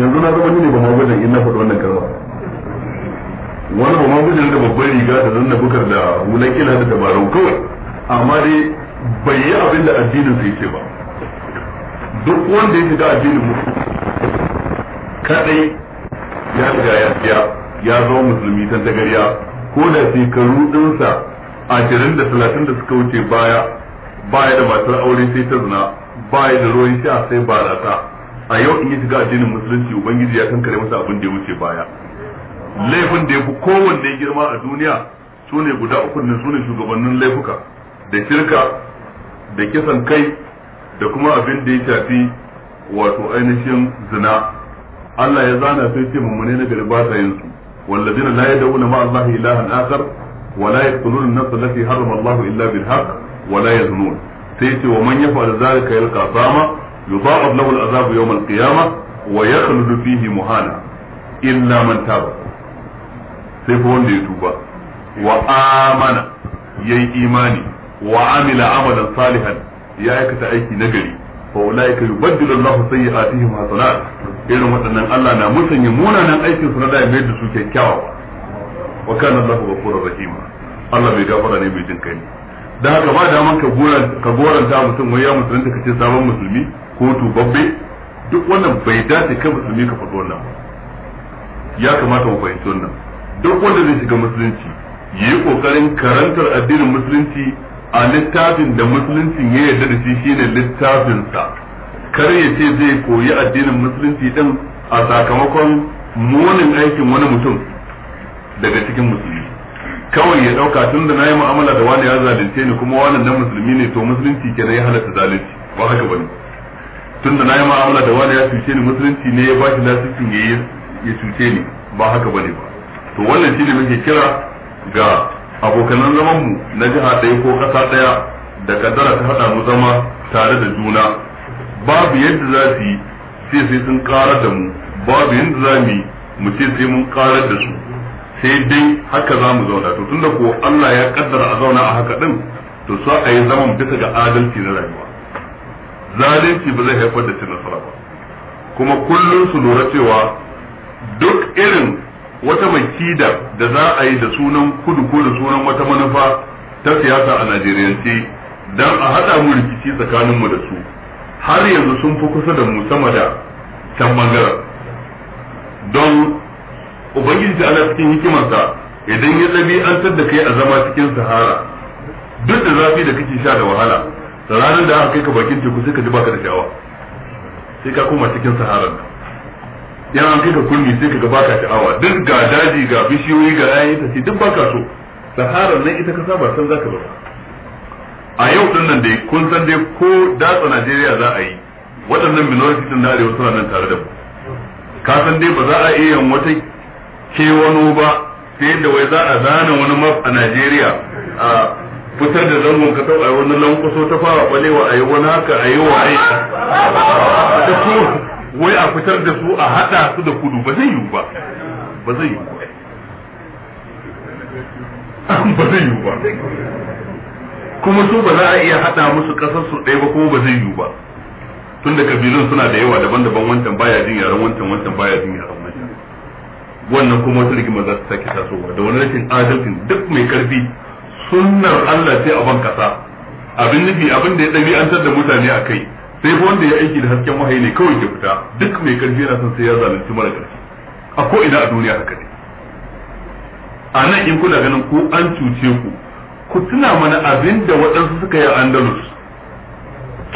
yanzu na zama ne ba ma ina faɗi wannan kalma wani ba ma da babban riga da zanna bukar da wulan kila da dabarun kawai amma dai bai yi abin da addinin sai ce ba duk wanda ya shiga addinin mu kadai ya shiga ya biya ya zama musulmi ta dagariya ko da shekaru dinsa ashirin da talatin da suka wuce baya baya da matar aure sai ta zina baya da ruwan sha sai barata a yau in yi shiga addinin musulunci ubangiji ya kankare masa abin da ya wuce baya laifin da ya fi kowanne girma a duniya su ne guda uku ne su ne shugabannin laifuka da shirka da kisan kai da kuma abin da ya shafi wato ainihin zina Allah ya zana sai ce mummune na gari ba sa yin su wallazina la yad'una ma Allah ilahan akhar wa la yaqtuluna an-nafs allati harrama Allah illa bil haqq wa la yaznun sai ce wa man yaf'al zalika yalqa sama yudha'af lahu al'azab yawm al-qiyamah wa yakhlud fihi muhana illa man taba sai fa wanda ya duba wa amana yayi imani wa amila amalan salihan ya aikata aiki nagari fa ulaika yubaddilu Allahu sayyi'atihim hasanat irin waɗannan Allah na musanya munanan aikin na da mai da su kyakkyawa Allah bai jin da haka ba daman ka goranta mutum wai ya musulunta kace sabon musulmi kotu babbe duk wannan bai dace kai musulmi ka faɗo wannan ya kamata mu fahimci wannan duk wanda zai shiga musulunci ya yi ƙoƙarin karantar addinin musulunci a littafin da musulunci ya yarda da shi shine littafinsa kar ya ce zai koyi addinin musulunci din a sakamakon munin aikin wani mutum daga cikin musulmi kawai ya ɗauka tun da na yi mu'amala da wani ya zalunce ni kuma wani na musulmi ne to musulunci kenan ya halatta zalunci ba haka bane tunda na yi ma'amala da wani ya cuce ni musulunci ne ya bashi lasisin ya ya cuce ni ba haka bane ba to wannan shi ne muke kira ga abokanan zaman mu na jiha ɗaya ko ƙasa ɗaya da kaddara ta haɗa mu zama tare da juna babu yadda za su yi sai sai sun ƙarar da mu babu yadda za mu yi mu ce sai mun ƙarar da su sai dai haka za mu zauna to tunda ko Allah ya kaddara a zauna a haka ɗin to sa a yi zaman bisa ga adalci na rayuwa zalunci ba zai haifar da cin nasara ba kuma kullum su lura cewa duk irin wata makida da za a yi da sunan kudu ko da sunan wata manufa ta siyasa a najeriyance don a haɗa mu rikici tsakaninmu da su har yanzu sun fi kusa da mu sama da can bangaren don ubangiji ala cikin hikimarsa idan ya ɗabi'antar da kai a zama cikin sahara duk da zafi da kake sha da wahala da ranar da aka kai ka bakin teku sai ka ji baka da sha'awa sai ka koma cikin saharar yan an kai ka kunni sai ka ga baka sha'awa duk ga daji ga bishiyoyi ga yayin ta duk baka so saharar nan ita ka saba san zaka bar a yau din nan dai kun san dai ko datsa Najeriya za a yi waɗannan minority din na arewa suna nan tare da mu ka san dai ba za a iya yin wata kewano ba sai da wai za a zana wani map a Najeriya a fitar da zangon ka tau a wani lankwaso ta fara balewa a yi wani haka a yi waye da su wai a fitar da su a hada su da kudu ba zai yiwu ba ba zai yiwu ba ba zai yi ba kuma su ba za a iya hada musu kasar su ɗaya ba kuma ba zai yiwu ba tun da kabilun suna da yawa daban-daban wancan baya jin yaran wancan wancan baya jin yaran wancan wannan kuma wata rigima za ta sake tasowa da wani rashin adalcin duk mai karfi sunnar Allah ce a kasa abin nufi abin da ya ɗabi'antar da mutane a kai sai fa wanda ya aiki da hasken wahayi ne kawai ke fita duk mai karfi yana son sai ya zalunci mara karfi a ko ina a duniya haka ne a nan in kuna ganin ko an cuce ku ku tuna mana abin da waɗansu suka yi a Andalus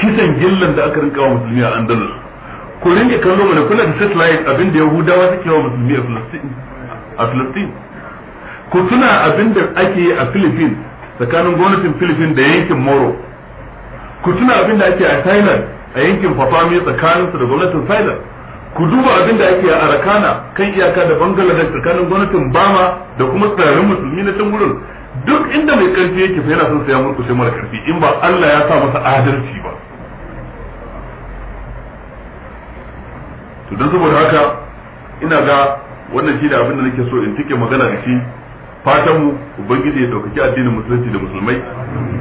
kisan gillan da aka rinka wa musulmi a Andalus ku rinka kallo mana kuna da satellite abin da Yahudawa suke wa musulmi a filistin. ku tuna abin da ake yi a Philippines tsakanin gwamnatin Philippines da yankin Moro ku tuna abin da ake a Thailand a yankin Fafami tsakanin su da gwamnatin Thailand ku duba abin da ake a Arakana kan iyaka da Bangladesh tsakanin gwamnatin Bama da kuma tsirarin musulmi na can duk inda mai karfi yake fa yana son sai ya murkushe mara karfi in ba Allah ya sa masa adalci ba to don saboda haka ina ga wannan shi da abin da nake so in tike magana da shi fatan mu ubangiji ya dauki addinin musulunci da musulmai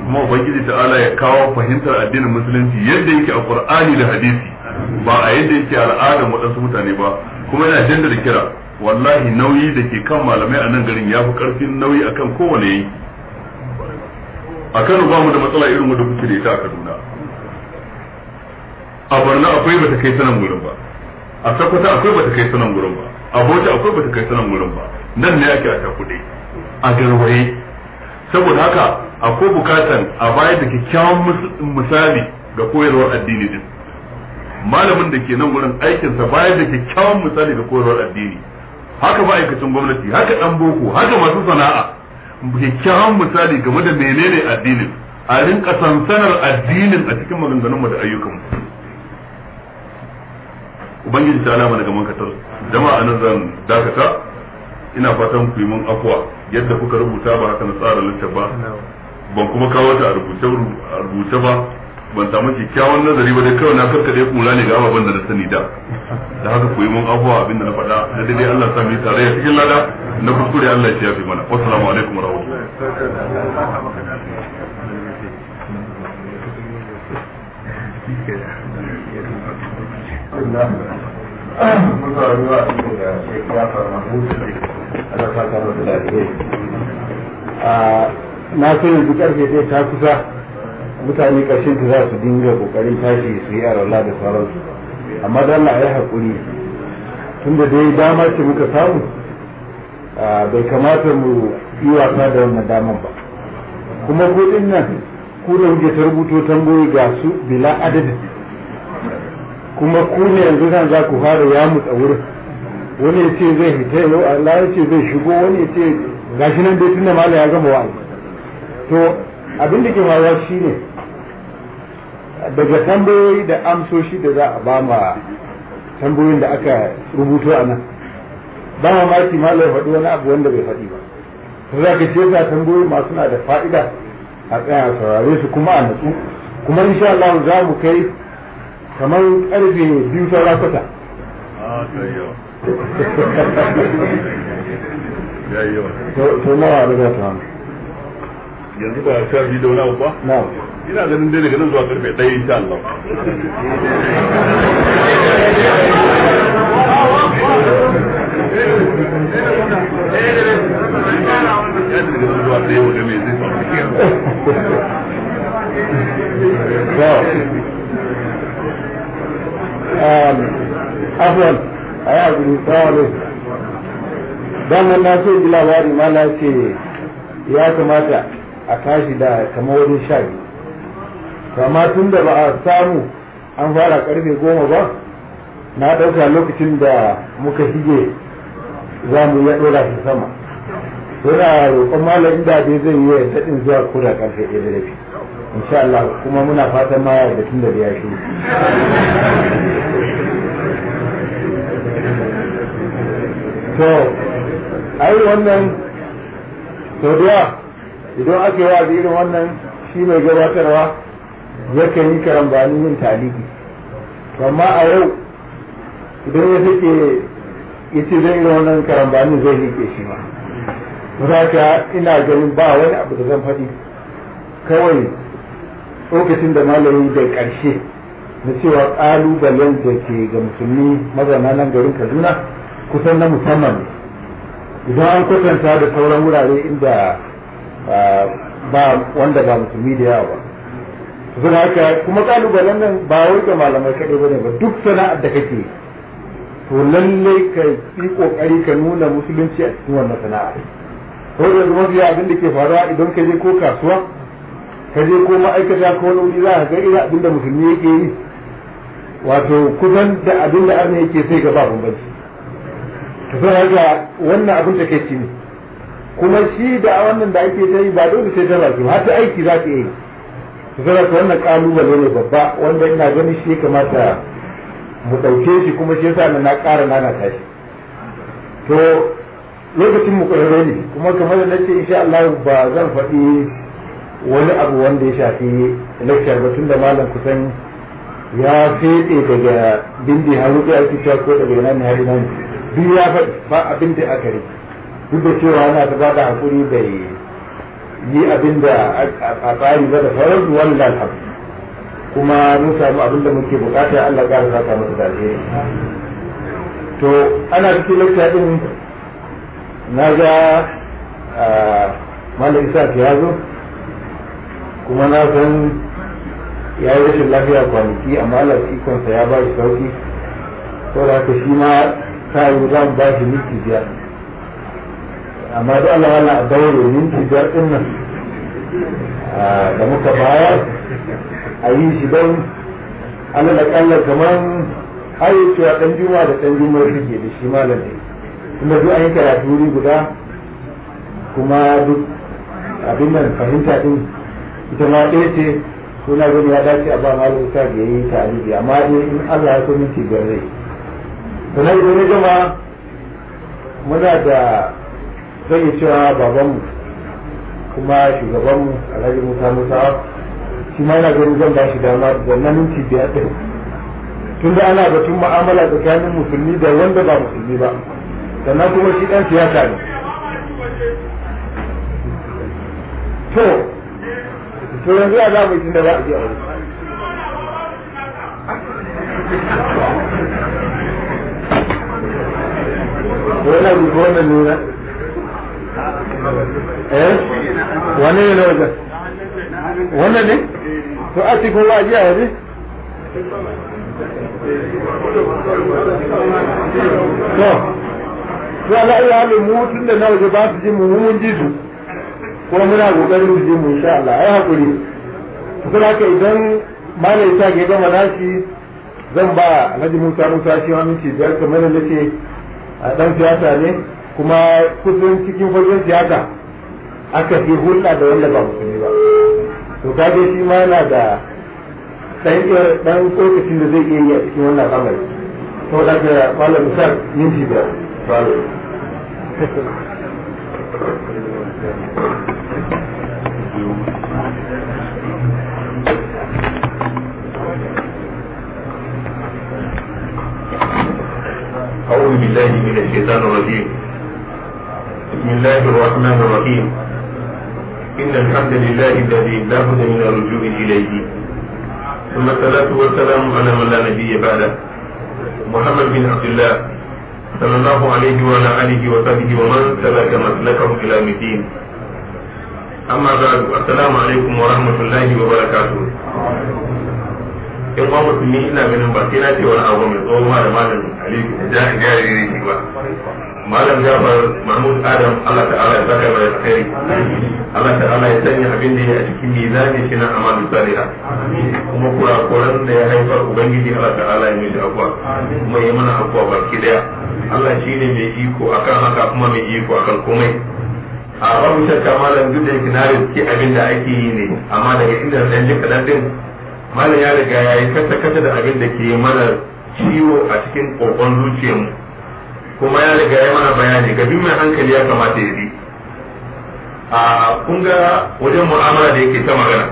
kuma ubangiji ta'ala ya kawo fahimtar addinin musulunci yadda yake a qur'ani da hadisi ba a yadda yake al'adar waɗansu mutane ba kuma yana janda da kira wallahi nauyi da ke kan malamai a nan garin ya fi karfin nauyi akan kowane yi a Kano ba mu da matsala irin wanda kuke da ita a Kaduna a Barna akwai bata kai sanan gurin ba a sakwata akwai bata kai sanan gurin ba a Bota akwai bata kai sanan gurin ba nan ne ake a takuɗe a garwaye saboda haka akwai bukatan a bayar da kyakkyawan misali ga koyarwar addini din malamin da ke nan wurin aikinsa bayar da kyakkyawan misali ga koyarwar addini haka ma'aikacin gwamnati haka dan boko haka masu sana'a kyakkyawan misali game da menene addinin a rinka sansanar addinin a cikin maganganunmu da ayyukanmu ubangiji ta alama daga mankatar jama'a nan zan dakata ina fatan ku yi mun afuwa yadda kuka rubuta ba haka na tsara littafi ba ban kuma kawo ta a rubuce ba ban samu kyakkyawan nazari ba dai kawai na karkade kula ne ga ababen da na sani da da haka yi mun abuwa abinda na faɗa na dai Allah sa mu tare ya cikin lada na kuskure Allah ya fi mana assalamu alaikum warahmatullahi Allah na so yanzu karfe ta kusa mutane ƙarshen ta za su dinga ƙoƙarin tashi su yi arola da sauransu amma da Allah ya haƙuri tunda dai dama ce muka samu bai kamata mu yi wasa da wannan daman ba kuma kudin nan ku da kuke ta rubuto tambayoyi ga su bila adadin kuma ku ne yanzu nan za ku fara yamu wurin wani ya ce zai fita yau Allah ya ce zai shigo wani ya ce gashi nan dai tunda mala ya gama wa'azi to abin da ke faruwa shine daga tambayoyi da amsoshi da za a ba ma tambayoyin da aka rubuto a nan ba mamaki ya faɗi wani abu wanda bai faɗi ba to za ka ce za tambayoyi masu na da fa'ida a tsaya saurare su kuma a natsu kuma insha Allah za mu kai kamar karfe biyu saura kwata ah, ايوه ثم ربطها yanzu ba sha biyu da wani abu ba? ina ganin dai daga nan zuwa karfe ɗaya insha Allah. Afwan. a yi abu tsawon damar na so ji labari ma na ce ya kamata a tashi da kama wajen sha biyu tun da ba a samu an fara karfe goma ba na ɗauka lokacin da muka shige za mu ya ɗora shi sama yana roƙon malamin da dai zai yi daɗin zuwa ko da ƙarfe ɗaya da insha Allah kuma muna fatan ma da tun da ya shi to ai wannan to da idan ake wazi irin wannan shi mai gabatarwa yake yi karambani yin taliki amma a yau idan ya take zai irin wannan karambani zai rike shi ma za ina ganin ba wani abu da zan faɗi kawai lokacin da malami da ƙarshe na cewa ƙalubalen da ke ga musulmi mazana nan garin kaduna kusan na musamman idan an kwatanta da sauran wurare inda ah, ba wanda ba musulmi da yawa ba suna haka kuma kalubalen nan ba wai ga malamai kaɗai ba ne ba duk sana'ar da kake to lallai ka yi kokari ka nuna musulunci a cikin wannan sana'a ko da zuwa biya abin da ke faruwa idan ka je ko kasuwa ka je ko ma'aikata ko wani wuri za ka ga irin abin da musulmi yake yi wato kusan da abin da arna yake sai ga ba bambanci to sai ga wannan abin take ci ne kuma shi da wannan da ake ta yi ba dole sai ta baki har ta aiki za ta yi to sai wannan kalubale ne babba wanda ina ganin shi kamata mu ɗauke shi kuma shi yasa na ƙara nana tashi to lokacin mu ƙwararre ne kuma kamar da nace insha Allah ba zan faɗi wani abu wanda ya shafi lecture ba tun da malam kusan ya fede daga bindi a cikin ko daga nan ne na nan duk ya faɗi ba abin da aka yi duk da cewa yana ta ba da hakuri bai yi abin da a tsari ba da sauran wani lalhabu kuma mun samu abin da muke bukata Allah ya zaka masa da to ana cikin lokacin na ga malam isa ya zo kuma na san ya yi rashin lafiya kwanaki amma Allah ikonsa ya ba shi sauki da haka shi ma ta yi za mu ba shi minti biyar amma da Allah wala a daure minti biyar din nan da muka bayar a yi shi don Allah kalla kamar ayyuka dan juma da dan juma suke da shi malam ne kuma duk an yi karatu wuri guda kuma duk abin nan fahimta din ita ma ɗaya ce suna gani ya dace a ba malam ta ya yi tarihi amma dai in Allah ya so minti biyar zai sanayi idan ya gama muna da zan cewa babanmu kuma shugabanmu alhaji musa musa shi ma yana ganin zan ba shi dama da na minti biyar ɗin tun da ana batun mu'amala tsakanin musulmi da wanda ba musulmi ba sannan kuma shi ɗan siyasa ne to to yanzu ya za mu yi tun da za a je a wuri ولو wannan nuna eh wane ne na wannan ne to a cikin wa ji a waje to to ala mu tun da na waje ba ji mu kuma ji mu insha Allah ai hakuri kuma ka idan ga gama nashi zan ba Alhaji Musa Musa shi wani ci kamar a dan siyasa ne kuma kusan cikin fagen siyasa aka fi hulɗa da wanda ba musulmi ba to kage shi ma yana da dan dan kokacin da zai iya yi a cikin wannan amari to da ga malam misal minti da Thank you. أعوذ بالله من الشيطان الرجيم بسم الله الرحمن الرحيم إن الحمد لله الذي لا بد من الرجوع إليه ثم الصلاة والسلام على من لا نبي بعده محمد بن عبد الله صلى الله عليه وعلى آله وصحبه ومن سلك مسلكه إلى يوم الدين أما بعد السلام عليكم ورحمة الله وبركاته in ma musulmi ina ganin ba sai na ce wani abu mai tsohon ma da malam aliku da ja ga yare ne ba malam jafar mahmud adam allah ta'ala ya saka mai alkhairi allah ta'ala ya sanya abin da yake a cikin mizani shi na amalu saliha kuma kurakuran da ya haifar ubangiji allah ta'ala ya miji abuwa kuma ya mana abuwa baki daya allah ne mai iko akan haka kuma mai iko akan komai a babu shakka malam duk da yake na riski abin da ake yi ne amma daga inda zan ji kadan din malam ya riga ya yi kasa kasa da abin da ke mana ciwo a cikin kokon mu kuma ya riga ya mana bayani ga bin mai hankali ya kamata ya bi a kun wajen mu'amala da yake ta magana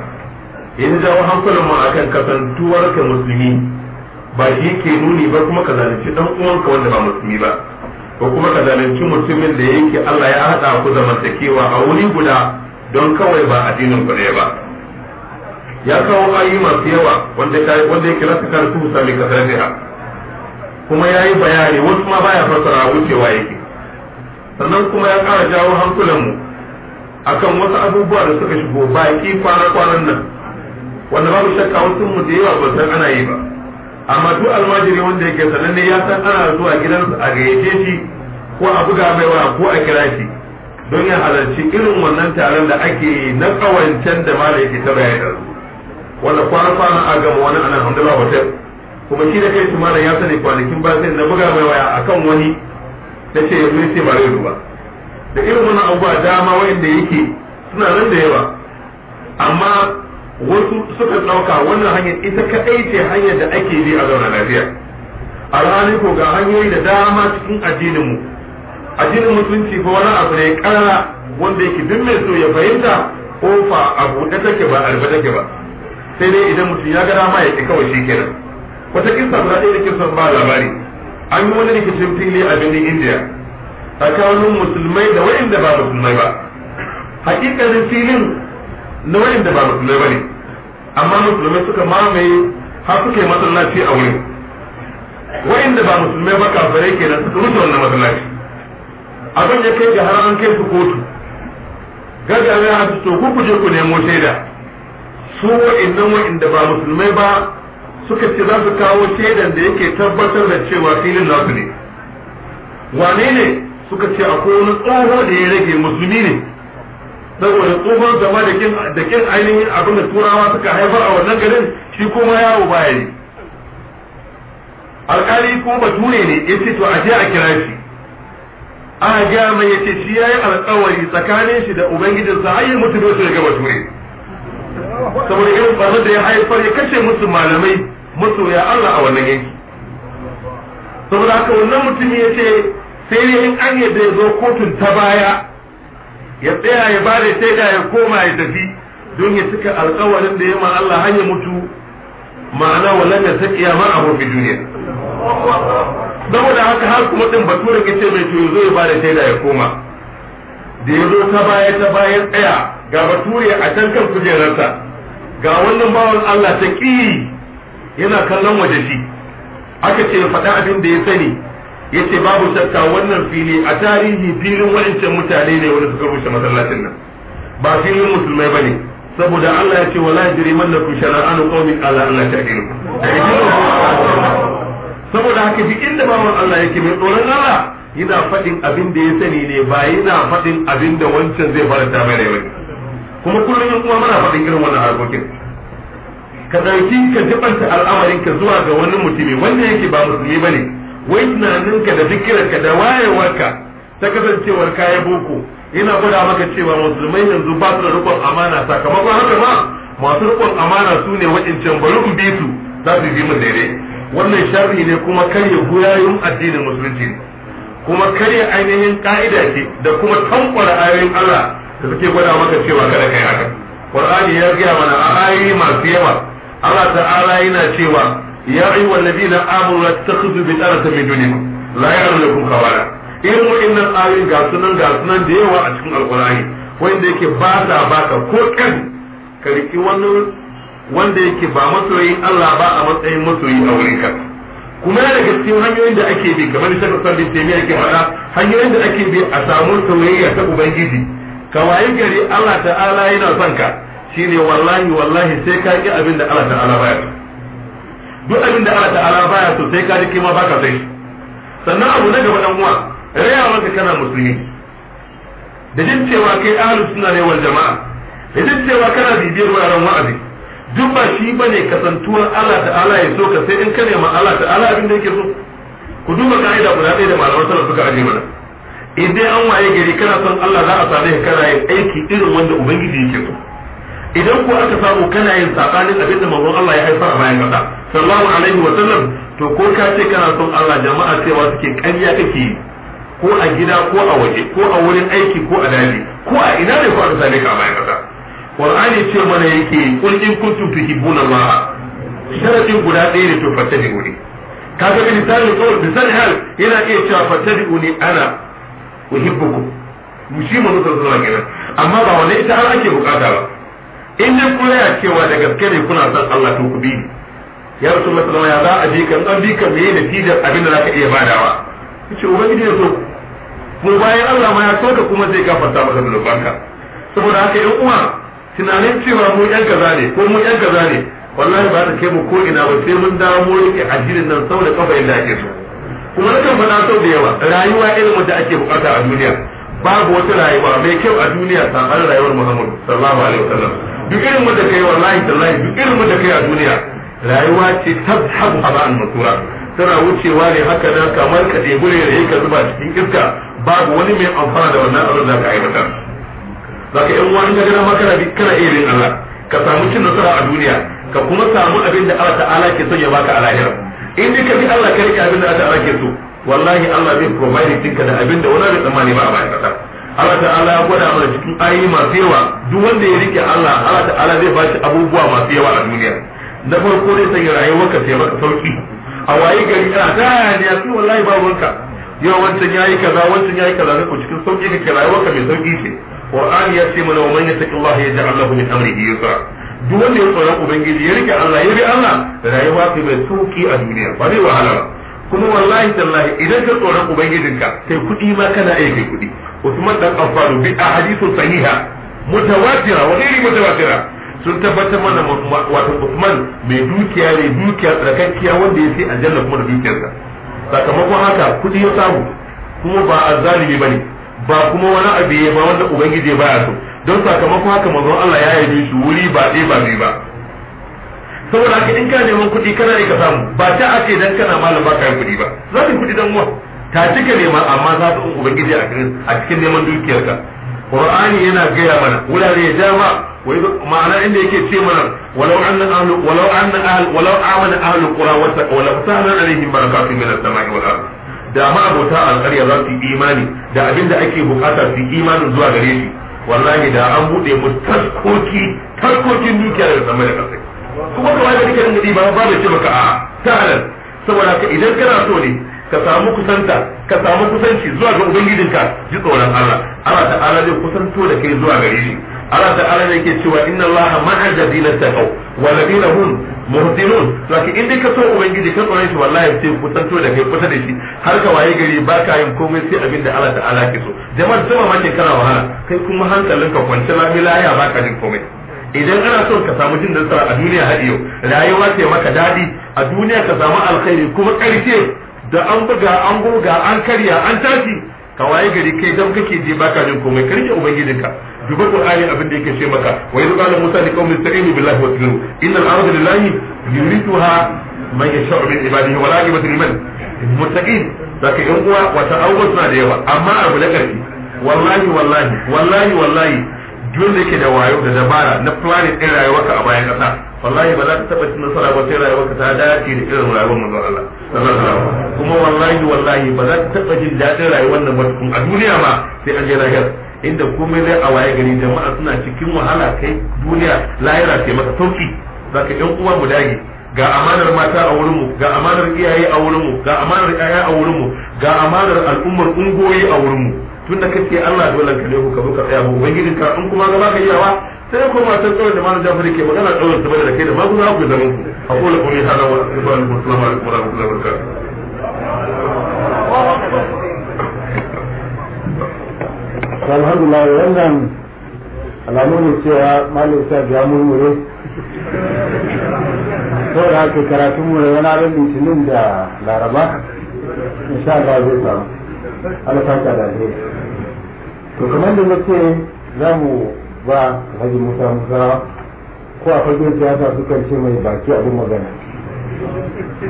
yanzu jawo hankalin mu akan kasantuwar ka musulmi ba shi ke nuni ba kuma ka zalunci dan uwanka wanda ba musulmi ba ko kuma ka zalunci mutumin da yake Allah ya haɗa ku zamantakewa a wuri guda don kawai ba addinin ku ne ba ya kawo ayi masu yawa wanda ya kira su kan sami kasar biha kuma ya yi bayani wasu ma baya fasara wucewa yake sannan kuma ya kara jawo hankulanmu akan wasu abubuwa da suka shigo baki kwana-kwanan nan wanda babu shakka wasu mu da yawa ba san ana yi ba amma duk almajiri wanda yake sananne ya san ana zuwa gidansa a gayyace shi ko a buga mai waya ko a kira shi don ya halarci irin wannan taron da ake yi na kawancen da mala yake ta bayani wanda kwana kwana a gama wani anan hamdala hotel kuma shi da kai su malam ya sani kwanakin ba sai na buga mai waya akan wani na ce ya ce ba zai ruwa da irin wannan abubuwa dama wa'inda yake suna nan da yawa amma wasu suka ɗauka wannan hanyar ita kaɗai ce hanyar da ake bi a zauna lafiya alhali ko ga hanyoyi da dama cikin addinin mu addinin musulunci ko wani abu ne ƙara wanda yake duk mai so ya fahimta fa a buɗe take ba alba take ba sai dai idan mutum ya gada ma ya ke kawai shi kenan wata kisa guda ɗaya da kisan ba labari an yi wani rikicin fili a birnin indiya tsakanin musulmai da da ba musulmai ba hakikalin filin na da ba musulmai ba ne amma musulmai suka mamaye har suka yi masallaci a wurin da ba musulmai ba kafirai kenan suka rushe wannan masallaci abin ya kai ga har an kai su kotu gaggawa ya hasu to ku je ku nemo shaida su wa'annan wa'anda ba musulmai ba suka ce za su kawo shaidan da yake tabbatar da cewa filin nasu ne wane ne suka ce akwai wani tsoho da ya rage musulmi ne saboda tsohon zama da kin ainihin abin da turawa suka haifar a wannan garin shi kuma yawo baya ne alkali kuma bature ne ya ce to a a kira shi a gaya mai ya ce shi ya yi alkawari tsakanin shi da ubangijinsa har mutum da daga bature saboda irin barna da ya haifar ya kashe musu malamai masoya Allah a wannan yanki saboda haka wannan mutum ya ce sai ne in an yadda ya zo kotun ta baya ya tsaya ya bada shaida ya koma ya tafi don ya cika alkawarin da ya ma Allah har mutu ma'ana wannan ya ta kiyama a mafi duniya saboda haka har kuma din bature ya ce mai to ya zo ya bada shaida ya koma da ya zo ta baya ta baya tsaya ga bature a can kan kujerarsa ga wannan bawan Allah ta ƙi yana kallon waje shi aka ce faɗa abin da ya sani ya ce babu shakka wannan fili a tarihi filin waɗancan mutane ne wanda suka rushe masallacin nan ba filin musulmai ba ne saboda Allah ya ce wala jiriman da kun an qawmi ala an la ƙi saboda haka duk inda bawan Allah yake mai tsoron Allah yana faɗin abin da ya sani ne ba yana faɗin abin da wancan zai faranta mai rai kuma kullum kuma uwa muna faɗin irin wannan harkokin ka ɗauki ka jibanta al'amarin ka zuwa ga wani mutumi wanda yake ba musulmi bane wai tunaninka da ka da wayewarka ta kasancewar kayan boko Ina gwada maka cewa musulmai yanzu ba su da rikon amana sakamakon haka ma masu rikon amana su ne waɗancan bari in bi su za su bi mu daidai wannan sharri ne kuma karya yin addinin musulunci ne. kuma karya ainihin ka'ida ce da kuma tankwara ayoyin Allah da suke gwada maka cewa kada kai haka qur'ani ya gaya mana ayoyi masu yawa Allah ta'ala yana cewa ya ayyuhal ladina amanu la takhudhu bi tarati min dunikum la ya'lamukum khawara irin wa'annan ayoyin ga sunan ga sunan da yawa a cikin alqur'ani wanda yake ba sa baka ko kan ka riki wani wanda yake ba masoyin Allah ba a matsayin masoyi a wurin ka kuma daga cikin hanyoyin da ake bi kamar shakar sallin taimiyya yake faɗa hanyoyin da ake bi a samu soyayya ta ubangiji kawai gari Allah ta'ala yana son ka shine wallahi wallahi sai ka ki abin da Allah ta'ala baya duk abin da Allah ta'ala baya to sai ka ji kima baka sai sannan abu na gaba dan uwa raya maka kana musulmi da jin cewa kai ahlus sunna ne wal jama'a da jin cewa kana bibiyar wuraren wa'azi duk ba shi bane kasantuwar Allah ta'ala ya so ka sai in ka nema Allah ta'ala abin da yake so ku duba ka'ida guda ɗaya da malaman salaf suka aje mana idan an waye gari kana son Allah za a same ka kana yin aiki irin wanda ubangiji yake so idan ko aka samu kana yin sabanin abin da manzon Allah ya haifar a bayan kasa sallallahu alaihi wa sallam to ko ka ce kana son Allah jama'a cewa suke ƙarya kake yi ko a gida ko a waje ko a wurin aiki ko a daji ko a ina ne ko aka same ka a bayan kasa qur'ani ce mana yake kul in kuntum tuhibbuna Allah sharadin guda ɗaya ne to fattabi'uni kaga misali ko misali hal yana iya cewa fattabi'uni ana uhibbukum shi mu zuwa zuwa kenan amma ba wani ita har ake bukata ba in dai kuna ya cewa da gaske ne kuna son Allah to ku bi ya rasulullahi sallallahu alaihi wasallam ya za a bi ka an bi ka me natijar abin da zaka iya badawa kace ubangiji ya so ko bayan Allah ma ya so da kuma zai gafarta maka zunubanka saboda haka yan uwa tunanin cewa mu ɗan kaza ne ko mu ɗan kaza ne wallahi ba ta kai mu ko ina ba sai mun dawo yake rike addinin nan saboda kafa yadda ake so kuma na kan faɗa sau da yawa rayuwa ilimi da ake bukata a duniya babu wata rayuwa mai kyau a duniya saɓanin rayuwar muhammadu sallallahu alaihi wasallam duk ilimi da kai wallahi tallahi duk ilimi da kai a duniya rayuwa ce tabhabu an matura tana wucewa ne haka da kamar ka ɗebi ne ka zuba cikin iska babu wani mai amfana da wannan abin da ka aiwatar zaka yan wani gagara ma kana kana iya Allah ka samu cin nasara a duniya ka kuma samu abin da Allah ta'ala ke son ya baka a lahira in dai ka bi Allah ka rike abin da Allah ke so wallahi Allah zai provide dinka da abin da wani da tsammani ba a bayan kasa Allah Allah ya gwada mana cikin ayi masu yawa duk wanda ya rike Allah Allah Allah zai bashi abubuwa masu yawa a duniya na farko dai sai rayuwar ka sai maka sauki a waye gari ka ta ne ya wallahi ba wanka yau wancan yayi kaza wancan yayi kaza ne ko cikin sauki kake rayuwar ka mai sauki ce Qur'ani ya ce mana wa man yattaqillaha yaj'al lahu min amrihi yusra duk wanda ya tsoron ubangiji ya rike Allah ya bi Allah rayuwa ce mai sauki a duniya ba zai wahala ba kuma wallahi tallahi idan ka tsoron ubangijinka kai kuɗi ma kana iya kai kuɗi Usman dan Affan bi ahadithu sahiha mutawatira wa ghairi mutawatira sun tabbatar mana wato Usman mai dukiya ne dukiya tsakakkiya wanda ya sai aljanna kuma da dukiyarsa sakamakon haka kuɗi ya samu kuma ba azzalimi bane ba kuma wani abu ya ba wanda ubangiji ya baya so don sakamakon haka mazo Allah ya yi shi wuri ba dai ba ba saboda haka in ka neman kuɗi kana ne ka samu ba ta ake dan kana malam ka yi kuɗi ba za ka yi kuɗi dan wa ta cika nema amma za ka ubangiji a cikin neman ka qur'ani yana gaya mana wurare jama'a ma'ana inda yake ce mana walau anna ahlu walau anna ahlu walau amana ahlu qura wa walau sa'ana alaihim barakatun min as-sama'i wal ardh da ma abota al-qarya za su imani da abinda ake bukata su imanin zuwa gare shi wallahi da an bude mu tarkoki tarkokin dukiya daga sama da kasai kuma ka wani kake rinka ba ba da ce a ta halal saboda ka idan kana so ne ka samu kusanta ka samu kusanci zuwa ga ubangijinka ji tsoron Allah Allah ta'ala zai kusanto da kai zuwa gare shi Allah ta'ala ne ke cewa inna Allah ma'a ladina taqaw wa ladina hum muhdinun to ki in ka so ubangiji ka tsoron shi wallahi sai kusanto da kai kusa da shi har ka waye gari baka yin komai sai abin da Allah ta'ala ke so jama'ar sama makin kana wahala kai kuma hankalin ka kwance lami laya ba ka jin komai idan ana so ka samu jin nasara a duniya har yau rayuwa ce maka dadi a duniya ka samu alkhairi kuma karfe da an buga an goga an karya an tashi ka waye gari kai dan kake je baka jin komai ka rike ubangijinka duba qur'ani abin da yake ce maka wa idh qala musa li qaumi billahi wa lillahi man yasha'u min ibadihi wa liman zaka yan uwa wata abubuwa da yawa amma abu na karfi wallahi wallahi wallahi wallahi da yake da wayo da dabara na planning din rayuwarka a bayan kasa wallahi ba za ta taba cin nasara ba sai rayuwarka ta dace da irin rayuwar manzon Allah kuma wallahi wallahi ba za ta taɓa jin daɗin rayuwar nan ba a duniya ma sai an je lahira inda komai zai a waye gari jama'a suna cikin wahala kai duniya lahira sai maka sauki zaka yan uwa mu dage ga amanar mata a wurin mu ga amanar iyaye a wurin mu ga amanar ya'ya a wurin mu ga amanar al'ummar ungoyi a wurin mu tunda kace Allah dole ka ne ku ka buka tsaya ubangijin ka in kuma ga baka iyawa sai kuma ta tsawon da malam jafari ke magana tsawon su bada da kai da ma kuma ku zaman ku a kola kuma ya halawa a kuma da musulma da kuma da kuma da kuma alhamdulillah wannan alamu ne cewa malam isa ya murmure saboda haka karatun mu wani ran litinin da laraba insha Allah zai samu alfaka da alheri to kamar da nake za mu ba haji musa musa ko a fagen siyasa sukan ce mai baki abin magana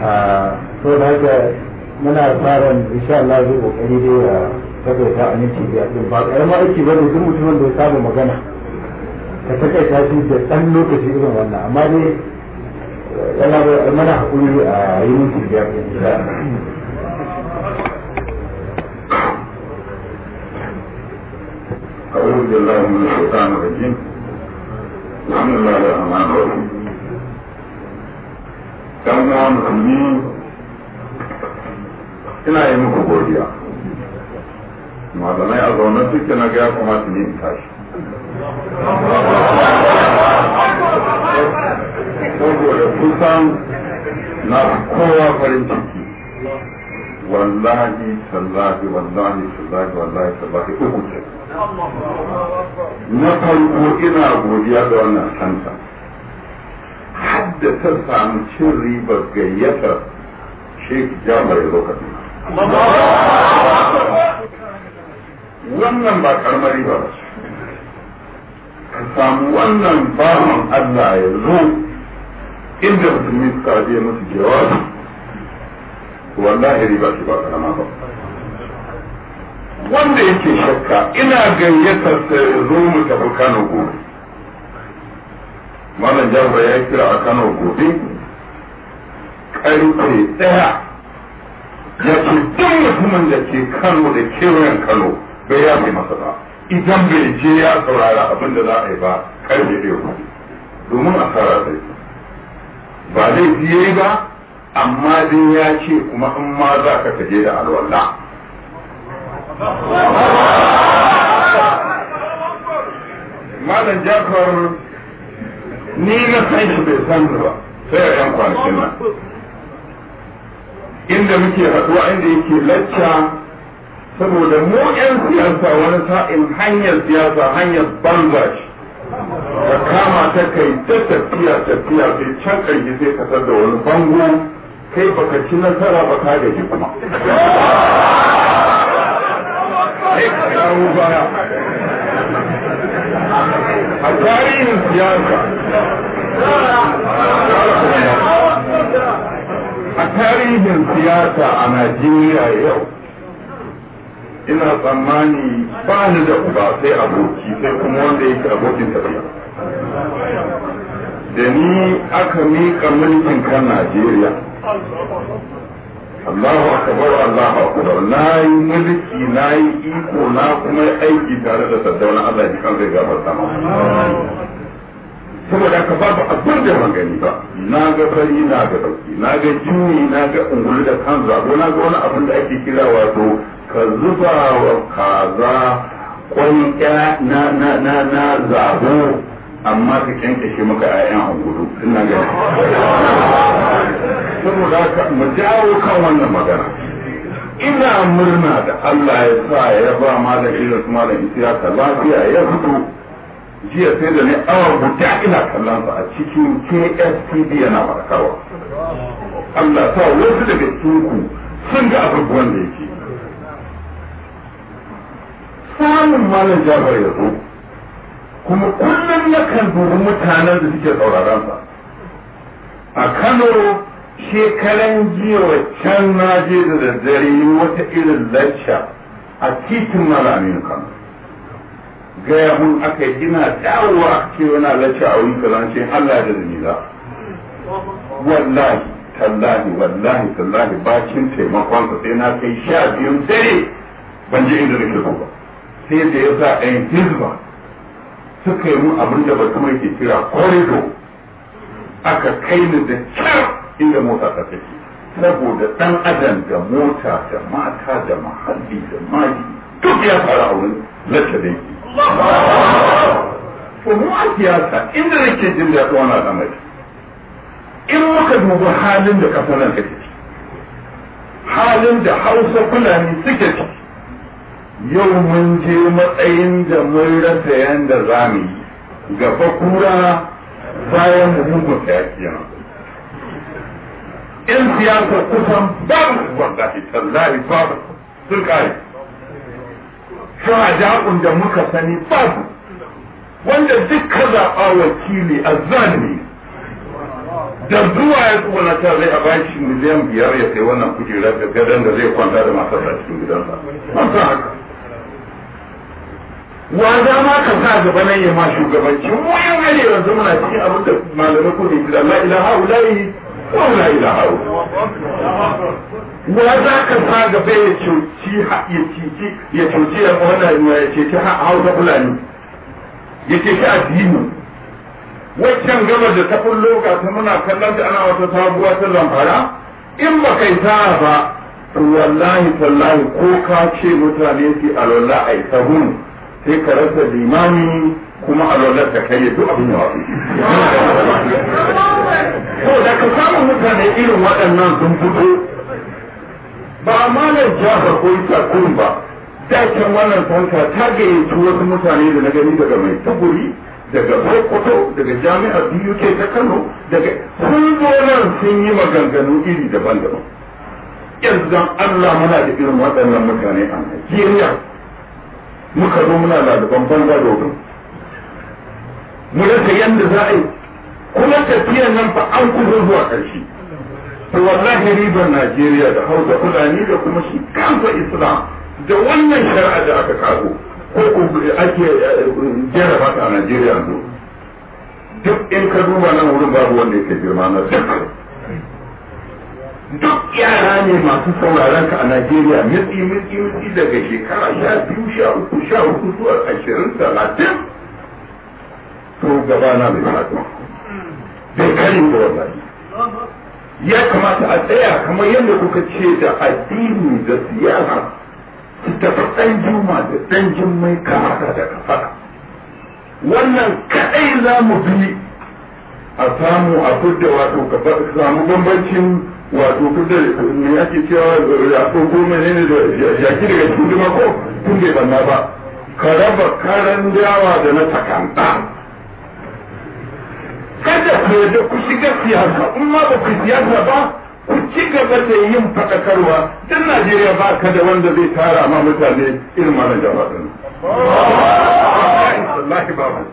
a ah, so da haka muna fara insha Allah zai kokari dai ya takaita a nake da din ba karamar aiki ba ne duk mutumin da ya saba magana ka ta shi da dan lokaci irin wannan amma dai yana mana hakuri a yi mutu biyar أعوذ بالله من الشيطان الرجيم بسم الله الرحمن الرحيم ina yi muku godiya malamai a zaune suke na ga ya kamata ne in tashi saboda kusan na kowa farin ciki والله سلاك والله سلاك والله سلاك أمو جاك نقل قرئنا بوديا دوانا حد سرسا عن شري بغيية شيك جامع ونن با كرمري كسام ونن بارم الله يزو إن جبت ميت قادية نتجواب wallahi riba shi ba karama ba wanda yake shakka ina gayyatar sa zo mu tafi Kano gobe malam jabba ya kira a Kano gobe karfe daya ya ce duk mutumin da ke Kano da kewayen Kano bai ya fi masa ba idan bai je ya saurara abin da za a yi ba karfe ɗaya domin a fara zai ba zai yi ba amma dai ya ce kuma in ma za ka taje da alwala malam jafar ni na san shi bai san ba sai a yan kwanakin nan inda muke haɗuwa inda yake lacca saboda mu 'yan siyasa wani sa'in hanyar siyasa hanyar banza ce ka kama ta kai ta tafiya tafiya sai can ƙarfi sai ka da wani bango kai baka ci nasara ba ka gaji kuma a tarihin siyasa a tarihin siyasa a najeriya yau ina tsammani ba ni da uba sai aboki sai kuma wanda yake abokin tafiya da ni aka miƙa mulkin kan najeriya Allahu akbar Allahu akbar na yi mulki na yi iko na kuma aiki tare da saddauna Allah ji kan zai gafarta ma saboda ka ba abin da ban gani ba na ga fari na ga dauki na ga jini na ga ungulu da kan zabo na ga wani abin da ake kira wato ka zuba wa kaza kwai na na na na zabo amma ka kyankyashe maka a gudu ina gani saboda haka mu dawo kan wannan magana ina murna da Allah ya sa ya ba malam da malam ta lafiya ya fito jiya sai da ni awa guda ina kallon sa a cikin KSTV yana barkawa Allah sa wasu daga cikin sun ga abubuwan da yake samun malam Jafar ya zo kuma kullum yakan dubi mutanen da suke sauraron sa a Kano shekaran jiya waccan na je da daddare wata irin lacca a titin malamin Kano gaya mun aka gina dawowa a ce wani lacca a wani kazan ce Allah da za wallahi tallahi wallahi tallahi bakin taimakon sa sai na kai sha biyun dare ban je inda ke ba sai da yasa ɗayan hizba suka yi mun abin da ba kuma ke kira corridor aka kai ni da kyar inda mota ta take saboda dan adam da mota da mata da mahalli da mali duk ya fara a wurin lacce da yake to mu a siyasa inda nake jin na zama al'amari in muka duba halin da kasar nan take halin da hausa fulani suke ciki yau mun je matsayin da mun rasa yadda za mu yi gaba kura bayan mu mugun ta kenan in siyasa kusan babu shi tallahi babu sun kare shuhada'un da muka sani babu wanda duka zaɓa wakili a zanni da zuwa ya na ta zai a bashi miliyan biyar ya sai wannan kujerar da gadon da zai kwanta da masu cikin gidansa. Masu haka. wanda ma ka sa gaba nan ya ma shugabanci mu yan hali yanzu muna cikin abin da malamai ko ne gida la ilaha ulahi wa la ilaha wa za ka sa gaba ya cuci ya cuci ya cuci ya wannan ya hau hausa fulani ya cuci addini waccan gaba da ta kullo ga ta muna kallon da ana wata sabuwa ta zamfara in ba kai ta ba to wallahi tallahi ko ka ce mutane su alwala ai sahun sai ka rasa limami kuma a lullar da kai duk abin da wasu to da ka samu mutane irin waɗannan sun fito ba a malar jihar ko ita kun ba dakin wannan tanka ta gayyaci wasu mutane da na gani daga mai tuguri daga bokoto daga jami'ar UK ta kano daga sun sun yi maganganu iri daban-daban yanzu don allah muna da irin waɗannan mutane a najeriya muka zo muna babban gado domin mu da yadda za a yi kuma tafiyar nan fa an kusa zuwa karshe to wallahi ribar Najeriya da Hausa ulani da kuma shi kansa Islam da wannan shari'a da aka kago ko ku ake eh, jaraba ta a Najeriya duk in ka duba nan wurin babu wanda yake girma na duk yara ne masu sauraron ka a Najeriya mitsi mitsi mitsi daga shekara sha biyu sha uku sha uku zuwa ashirin talatin to gaba na mai fata bai kari da wallahi ya kamata a tsaya kamar yadda kuka ce da addini da siyasa su tafi ɗan juma da ɗan jimmai kamata da kafa. wannan kaɗai za mu bi a samu a fudda wato samu bambancin wato kusa me ake cewa a ko mene ne da jaki daga cikin ma ko kun bai banna ba ka raba karan dawa da na takanta kada ku yadda ku shiga siyasa in ma ba ku siyasa ba ku ci gaba da yin fadakarwa dan Najeriya ba ka da wanda zai tara ma mutane irin na jama'a oh. Allahu Akbar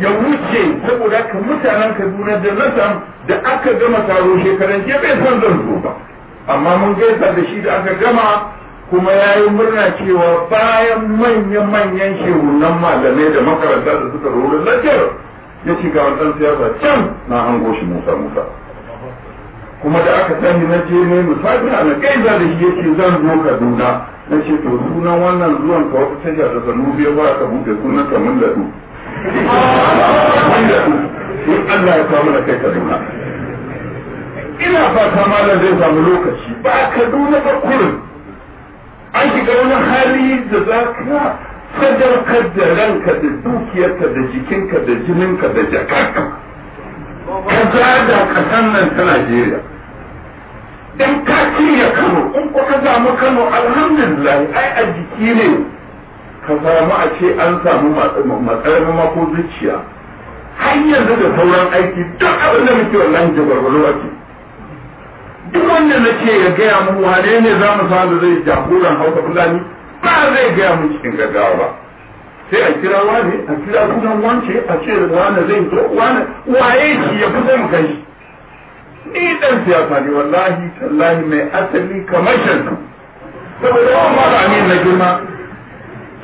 ya wuce saboda ka mutanen kaduna da nasam da aka gama taro shekaran jiya bai san zan zo ba amma mun gaisa da shi da aka gama kuma ya yi murna cewa bayan manya-manyan shehunan malamai da makaranta da suka rura lafiyar ya ci ga ɗan siyasa can na hango shi musa musa kuma da aka sani na je mai musafira na gaisa da shi ya yake zan zo kaduna na ce to sunan wannan zuwan ka wata da sanu biyar ba ka buɗe sunan kamun ladu in Allah ya samu na kai ina fata malam zai samu lokaci ba Kaduna ba kurin an shiga wani hali da za ka sadaukar da ranka da dukiyarka da jikinka da jininka da jakarka ka da kasan nan ta Najeriya dan ka ya Kano in kuka zamu Kano alhamdulillah ai a jiki ne ka samu a ce an samu matsayin mako zuciya hanyar da da sauran aiki duk abin da muke wannan a ake duk wanda na ce ya gaya mu wane ne za mu samu zai jagoran hausa fulani ba zai gaya mu cikin gaggawa ba sai a kira wane a kira sunan wance a ce wane zai zo wane waye shi ya fi son kai ni dan siyasa ne wallahi tallahi mai asali kamar shan saboda wani mara amin na girma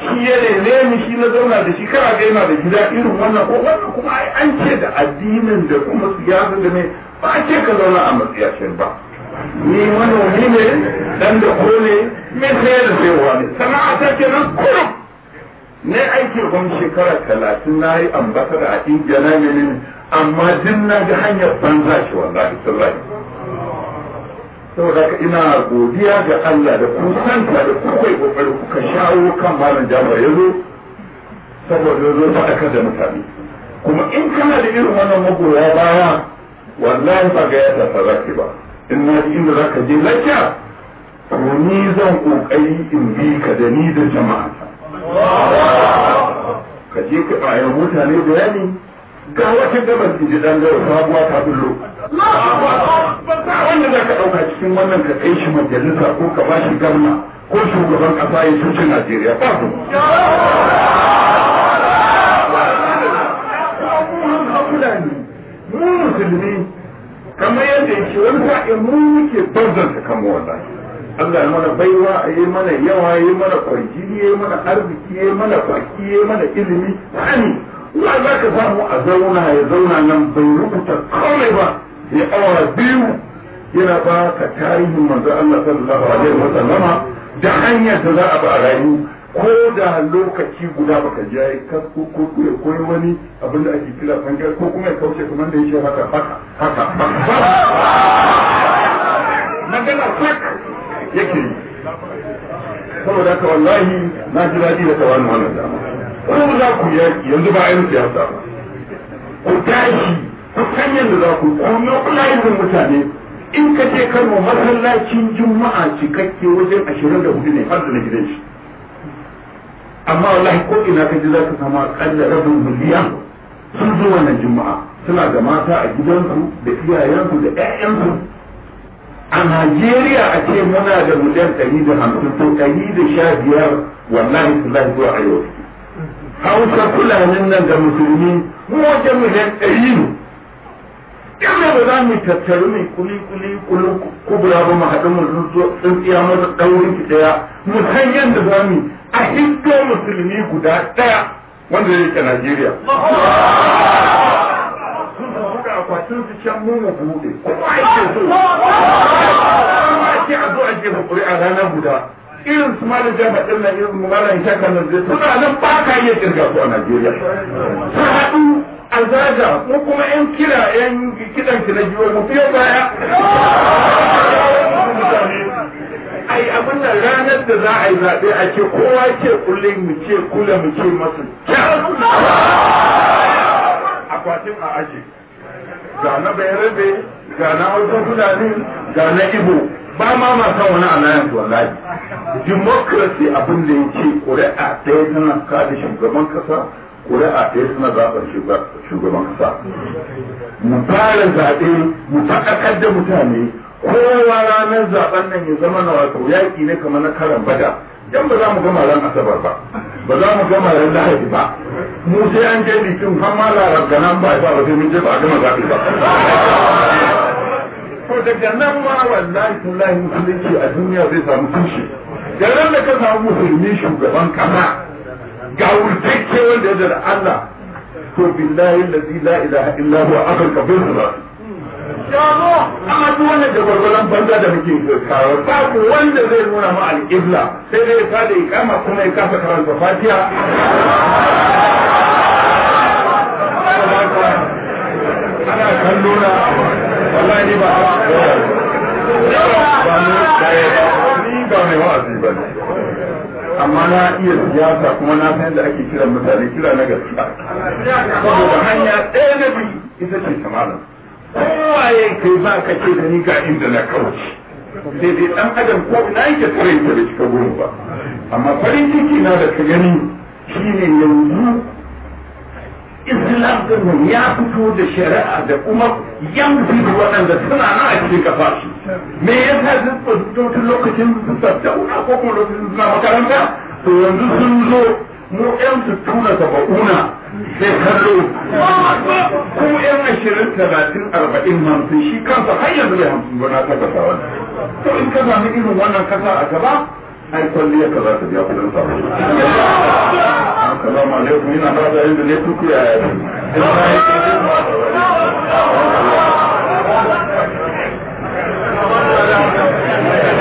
shi ya ne ni shi na zauna da shi kana ga yana da gida irin wannan ko wannan kuma ai an ce da addinin da kuma siyasa da ne ba a ce ka zauna a matsiyashin ba ni manomi ne dan da kone me sai da saiwa ne sana'a ta ke nan kurum ne aiki gwam shekara talatin na yi ambasada a ingila ne amma din na ga hanyar banza shi wallahi sallahi saboda ina godiya ga Allah da ku santa da ku kai kokari kuka shawo kan malam jama'a ya zo saboda ya zo da mutane kuma in kana da irin wannan magoya baya wallahi ba ga yadda ta zaki ba in na ji inda zaka je lakiya to ni zan kokari in bi ka da ni da jama'a ka je ka bayar mutane bayani ga wata gaban ji dan gawa sabuwa ta bullo wanda za ka ɗauka cikin wannan ka kai shi majalisa ko ka ba shi gamna ko shugaban ƙasa ya cuce Najeriya ba su. Mu musulmi kamar yadda yake wani sa'in mu muke barzanta kama wallahi. Allah ya mana baiwa ya mana yawa ya mana kwarjini ya mana arziki ya mana baki ya mana ilimi sani wa za ka samu a zauna ya zauna nan bai rubuta kawai ba ya awa biyu yana ba ka tarihin manzo Allah sallallahu alaihi wa sallama da hanyar da za a ba a rayu ko da lokaci guda baka je ya ko ko ya koyi wani abin da ake kira fangar ko kuma ya kauce kamar da yake haka haka haka magana sak yake yi saboda ka wallahi na ji daɗi da tawani wannan dama ko za ku yanzu ba a yi siyasa ku tashi ku san da za ku kuma kullayizin mutane in ka je kano masallacin juma'a cikakke wajen ashirin da hudu ne har da na gidan shi amma wallahi ko ina ka ji za ka sama kalla rabin miliyan sun zo wannan juma'a suna da mata a gidansu da iyayensu da ƴaƴansu a Najeriya a ce muna da miliyan ɗari da hamsin to ɗari da sha biyar wallahi za zuwa a yau. Hausa Fulanin nan da Musulmi mu wajen miliyan ɗari ne. in da ba za mu tattaru mai kuli kuli kuli kubura ba mu haɗu mu tsintsiya masa ɗaurin ki ɗaya mu san yadda za mu a hiddo musulmi guda ɗaya wanda zai ke Najeriya. Sun buɗe akwatin su can mu mu buɗe. Kuma ke so. Kuma ake a zo a jefa a rana guda. Irin su malam jama'a ɗin na irin mu malam shakar nan zai suna nan ba ka iya kirga su a Najeriya. Su haɗu a zaga mu kuma yan kira yan kidan ki na jiwo mu fiye baya ai abin nan ranar da za a yi zaɓe a ce kowa ce kulle mu ce kula mu ce masu akwatin a aje ga na bayarabe ga na hausa fulani ga na ibo ba ma ma san wani alliance wallahi democracy abin da ya ce ƙuri'a ɗaya tana kada shugaban kasa ta yi suna zaɓar shugaban ƙasa mu fara zaɓe mu faɗakar da mutane kowa ranar zaɓen nan ya zama na wato yaƙi ne kamar na karan bada dan ba za mu gama ran asabar ba ba za mu gama ran lahadi ba mu sai an je litin har larar ga nan ba ba ba sai mun je ba a gama zaɓe ba to daga nan ma wallahi layi musulunci a duniya zai samu tushe da ran da ka samu musulmi shugaban kama ga wurtakke darajar Allah to billahi allazi la ilaha illa huwa akan kafin sa amma duk wannan da gwargwaron banza da muke kawo babu wanda zai nuna mu alƙibla sai dai ya fada ikama kuma ya kafa karanta fatiha ana kallo na wallahi ba ba ba ba ba ba ba ba ba amma na iya siyasa kuma na san da ake kiran mutane kira na gaskiya saboda hanya ɗaya na biyu ita ce samanin kowaye kai ba ka ce da ni ga inda na kauce sai dai ɗan adam ko ina yake tsarin ta da ka goma ba amma farin ciki na da ka gani shine yanzu islam din ya fito da shari'a da kuma yan da waɗanda suna nan a cikin kafa shi me yasa duk ba fito tun lokacin su tattauna ko kuma lokacin suna makaranta to yanzu sun zo mu yan su tuna saba'una sai kallo ko yan ashirin talatin arba'in hamsin shi kansa har yanzu bai hamsin ba na tabbata wani to in ka zama irin wannan kasa a gaba a Calata de Alcanzal. Pelo amor de Deus, menina nova ainda nem pro que é. Ele é. não vai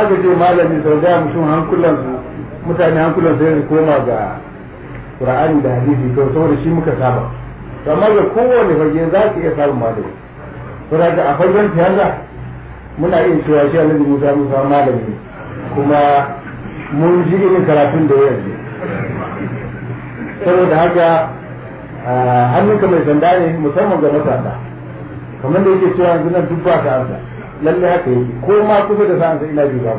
aka ce malami sau da mutum hankulan su mutane hankulansu su yanzu koma ga ƙura'ani da hadisi ko saboda shi muka saba amma ga kowane fage za ka iya samun malami saboda a fagen siyasa muna iya cewa shi alhaji musa musa malami kuma mun ji irin karatun da yanzu saboda haka hannunka mai sanda ne musamman ga matasa kamar da yake cewa yanzu nan duk ba ka amsa lalle haka yake ko ma kusa da sa'an sai ina bi ba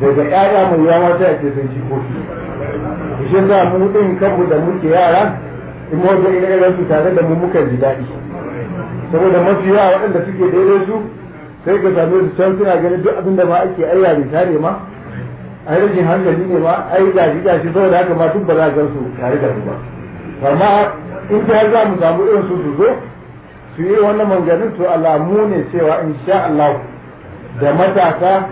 daga ƴaƴa mai yawa ta ce sun ci kofi shi za mu din kanmu da muke yara in mu ga su tare da mu muka ji daɗi saboda mafi yawa waɗanda suke daidai su sai ka same su can suna ganin duk abin da ba ake ayya ne tare ma ai rashin hankali ne ma ai gashi shi saboda haka ma duk ba za a su tare da mu ba amma in ta za mu samu irin su su zo su yi wannan manganin su alamu ne cewa insha Allah da matasa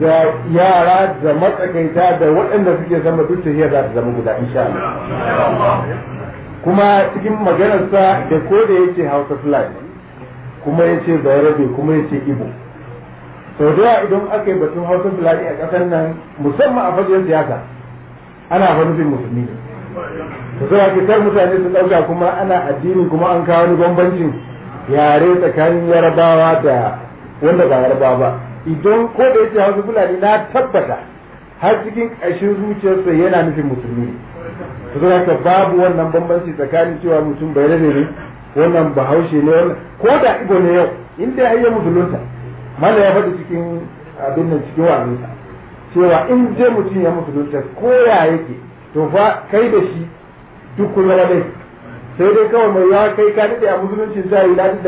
da yara da matsakaita da waɗanda suke zama dutse yi za su zama guda insha Allah kuma cikin maganarsa da ko da yace Hausa Fulani kuma ya yace Bayarabe kuma ya ce Igbo sau da idan aka yi batun Hausa Fulani a ƙasar nan musamman a fajiyar siyasa ana fa nufin musulmi to sai kar mutane su ɗauka kuma ana addini kuma an kawo ni bambancin yare tsakanin yarabawa da wanda ba yarabawa ba idan ko da yake hausa fulani na tabbata har cikin ƙashin zuciyarsa yana nufin musulmi to zuwa ka babu wannan bambanci tsakanin cewa mutum bai rabe ne wannan bahaushe ne wannan ko da ibo ne yau in ya yi musulunta mana ya faɗi cikin abin nan cikin wa'azinsa cewa in je mutum ya musulunta ko ya yake to fa kai da shi duk kun zama dai sai dai kawai mai yawa kai ka nade a musulunci za yi ladi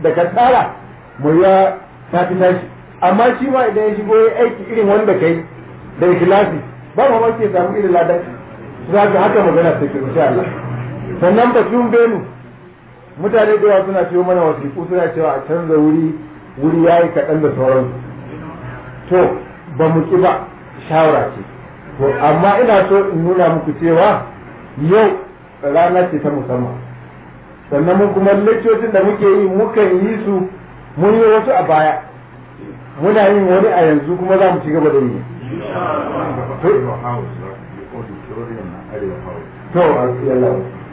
da ka tsara mai yawa ta fi tashi amma shi ma idan ya shigo ya aiki irin wanda kai da ikilasi ba ma ke samu irin ladan za ka haka magana ta ke insha Allah sannan ba batun benu mutane da yawa suna ciwo mana ku suna cewa a canza wuri wuri ya yi kaɗan da sauran to ba mu ki ba shawara ce amma ina so in nuna muku cewa yau rana ce ta musamman sannan mun kuma lekcocin da muke yi mukan yi su mun yi wasu a baya muna yin wani a yanzu kuma za mu ci gaba da yi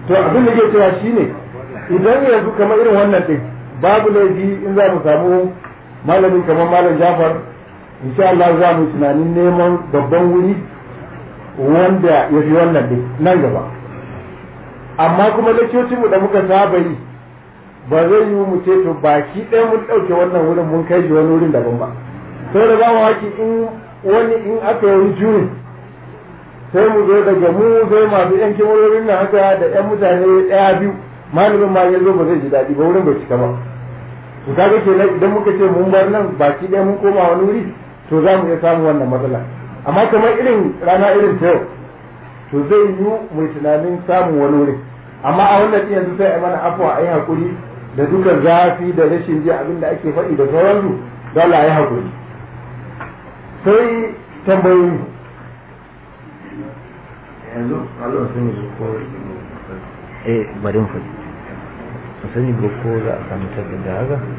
to abin da ke cewa shine idan yanzu kamar irin wannan ɗin babu laifi in za mu samu malamin kamar malam jafar insha Allah za mu tunanin neman babban wuri wanda ya fi wannan ne nan gaba amma kuma na mu da muka saba yi ba zai yi mu ce to baki ɗaya mun ɗauke wannan wurin mun kai shi wani wurin daban ba sai da mu haki in wani in aka yi juri sai mu zo daga mu zai masu yan kimarorin na haka da yan mutane ɗaya biyu malamin ma ya zo ba zai ji daɗi ba wurin bai cika ba to kaga kenan idan muka ce mun bar nan baki ɗaya mun koma wani wuri to za mu iya samun wannan matsala amma kamar irin rana irin ta yau to zai yi mai tunanin samun wani wuri amma a wannan yanzu sai a mana afuwa a yi hakuri da dukan zafi da rashin ji abin da ake faɗi da sauransu dole a yi hakuri sai tambayoyi yanzu Allah sun yi ko eh bari mu faɗi yi ko za a samu tabbata haka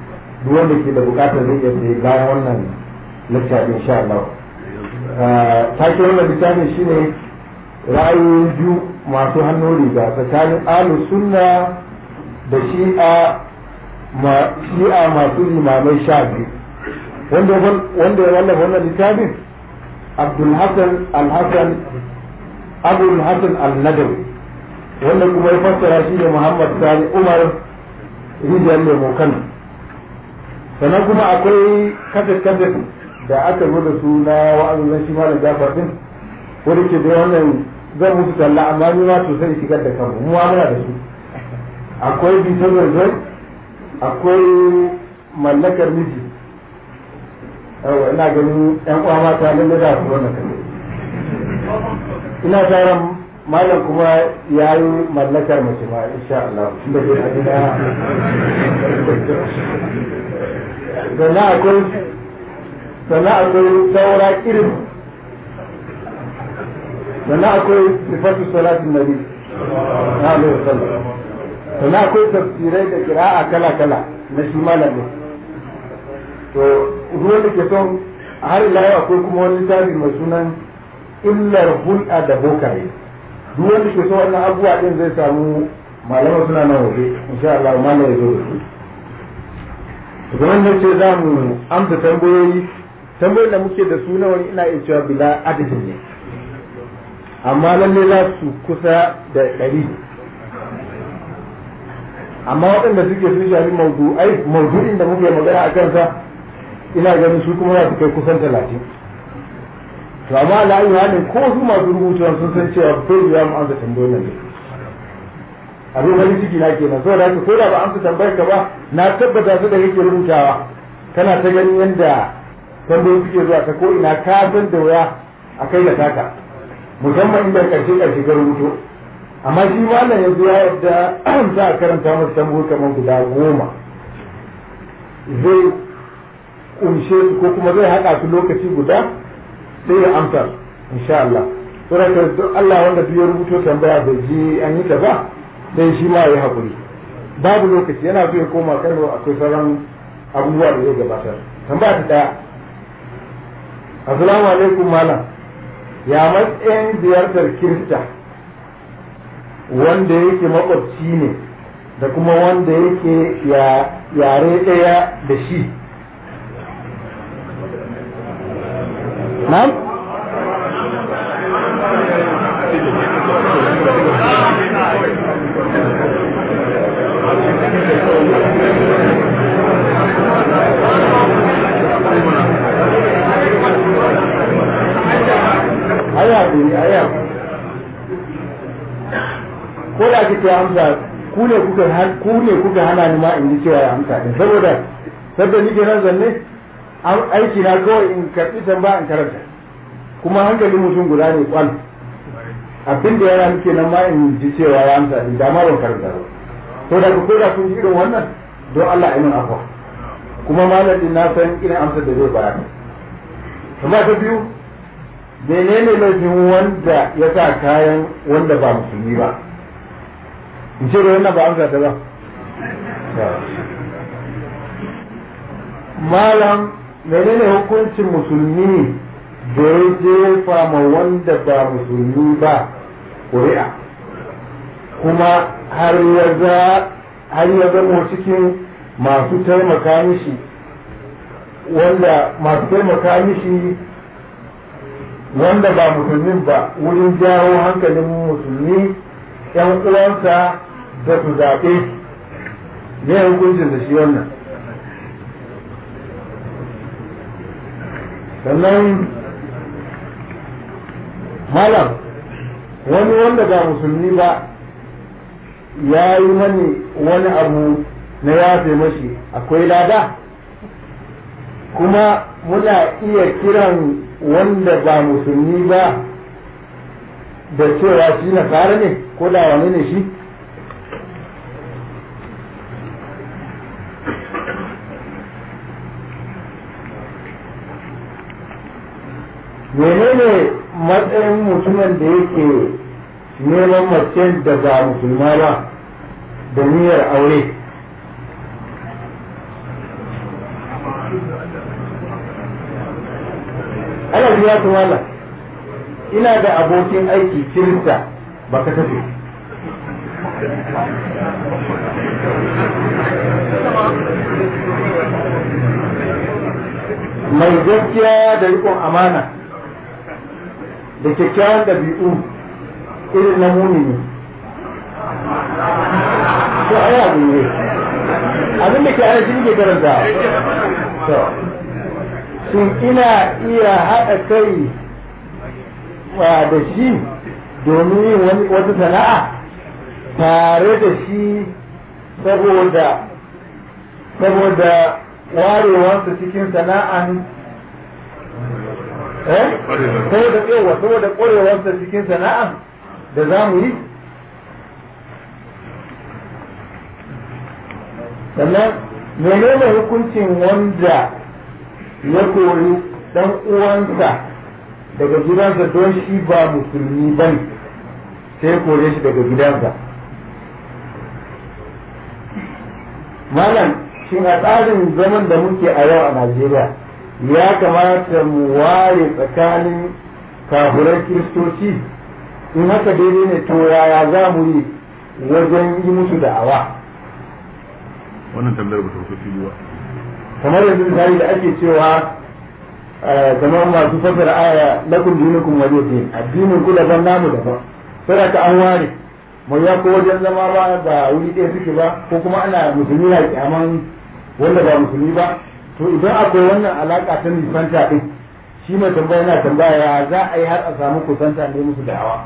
duk wanda ke da bukatar zai iya sayi bayan wannan lakta sha Allah ah, take wannan littafin shine ra'ayoyin biyu masu hannu riga tsakanin alu sunna da shi'a ma shi'a masu limamai sha biyu wanda ya wallafa wannan littafin Abdul Hassan Al-Hassan Abdul Hassan Al-Nadawi wanda kuma ya fassara shi ne Muhammad Sani Umar Rijal kan. sannan kuma akwai kafet kafet da aka zo da su na wa'azin shi malam jafar din wanda ke da wannan zan mutu talla amma ni ma to sai shigar da kanmu mu amana da su akwai bitar zai akwai mallakar miji yawa ina ganin yan uwa mata lalle da su wannan kafet ina taron malam kuma ya yi mallakar mace ma insha Allah tunda bai a gida sannan akwai sannan akwai saura irin sannan akwai sifatu salatin nabi alaihi wasallam sannan akwai tafsirai da kira'a kala-kala na shi malamin to ruwan da ke son har ila yau akwai kuma wani littafi mai sunan illar hulɗa da bokaye duk da ke son wannan abubuwa ɗin zai samu malaman suna nan waje insha Allah malam ya zo da su wannan ce za mu amsa tambayoyi tambayoyi da muke da su wani ina iya cewa bila adadin ne amma lalle za su kusa da ɗari amma waɗanda suke sun shafi maudu'ai maudu'in da muke magana a kansa ina ganin su kuma za su kai kusan talatin to amma ala'ayi halin ko su masu rubutuwa sun san cewa bai ya mu amsa tambayoyin nan abin wani ciki na kenan saboda ko da ba amsa tambayar ka ba na tabbata su da kake rubutawa kana ta gani yadda tambayoyi suke zuwa ta ko ina ka san da waya a kai da taka musamman inda karshe karshe ka rubuto amma shi malam yanzu ya yadda za a karanta masa tambayoyi kamar guda goma zai kunshe su ko kuma zai haɗa su lokaci guda sai ya amsa insha Allah. Saboda Allah wanda duk ya rubuto tambaya bai je an yi ta ba sai shi ma ya haƙuri babu lokaci yana zuwa koma kano akwai sauran abubuwa da zai gabatar tambaya ta daya assalamu alaikum malam ya matsayin ziyartar kirista wanda yake makwabci ne da kuma wanda yake yare ɗaya da shi na'am kake ya amsa ku ne kuka ku ne kuka hana ni ma in ji cewa ya amsa din saboda saboda ke nan zanne an aiki na kawai in karbi tamba in karanta kuma hankali mutum guda ne kwal abin da yana muke nan ma in ji cewa ya amsa din da ma ban karanta ba to da ku koda kun ji irin wannan don Allah ya min afwa kuma din na san irin amsar da zai bayar amma ta biyu menene laifin wanda ya sa kayan wanda ba musulmi ba in ce da wannan malam menene hukuncin musulmi da ya jefa ma wanda ba musulmi ba ƙuri'a kuma har ya zama cikin masu taimaka mishi wanda masu taimaka mishi wanda ba musulmin ba wurin jawo hankalin musulmi 'yan uwansa da su zaɓe ne hukuncin da shi wannan sannan malam wani wanda ba musulmi ba ya yi mani wani abu na yafe mashi akwai lada kuma muna iya kiran wanda ba musulmi ba da cewa shi na fara ne ko da wani ne shi matsayin mutumin da yake neman mace da ba musulma ba da niyyar aure ana biya su wala ina da abokin aiki kirista ba ka tafi mai gaskiya da rikon amana da kyakkyawan dabi'u irin na ne, to ai abu ne abin da ke ana shi ne karanta to shin ina iya haɗa kai da shi domin yin wata sana'a tare da shi saboda saboda warewarsa cikin sana'an eh saboda cikin sana'a da za mu yi sannan menene hukuncin wanda ya kori dan uwansa daga gidansa don shi ba musulmi ba ne sai kore shi daga gidansa malam shi a tsarin zaman da muke a yau a najeriya ya kamata mu ware tsakanin kafuran kiristoci in haka daidai ne to yaya za mu yi wajen yi musu da'awa wannan tambayar ba ta fili kamar yanzu misali da ake cewa kamar eh, masu fasar aya lakum dinukum wa din addinin ku ban namu daban sai ka an ware mai ya ko wajen zama ba ba wuri ɗaya suke ba ko kuma ana musulmi na kyaman wanda ba musulmi ba to idan akwai wannan alaka ta nisanta din shi mai tambaya yana tambaya ya za a yi har a samu kusanta ne musu da hawa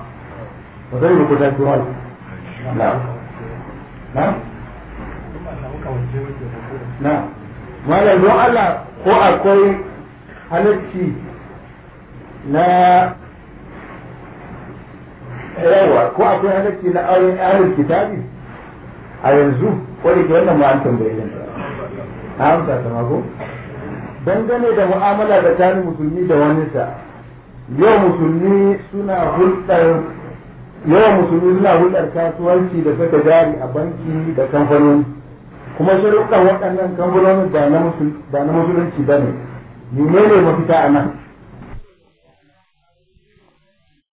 ba zai rubuta kusanci wani na na na malam don Allah ko akwai halarci na yawa ko akwai halarci na auren kitabi a yanzu ko da ke wannan ma'an tambaye ta mako dangane da mu'amala da tani musulmi da wani sa yau musulmi suna hulɗar yawan musulmi suna hulɗar kasuwanci da saka jari a banki da kamfanoni kuma shirukan waɗannan kamfanonin ba na musulunci ba ne ne mafita a nan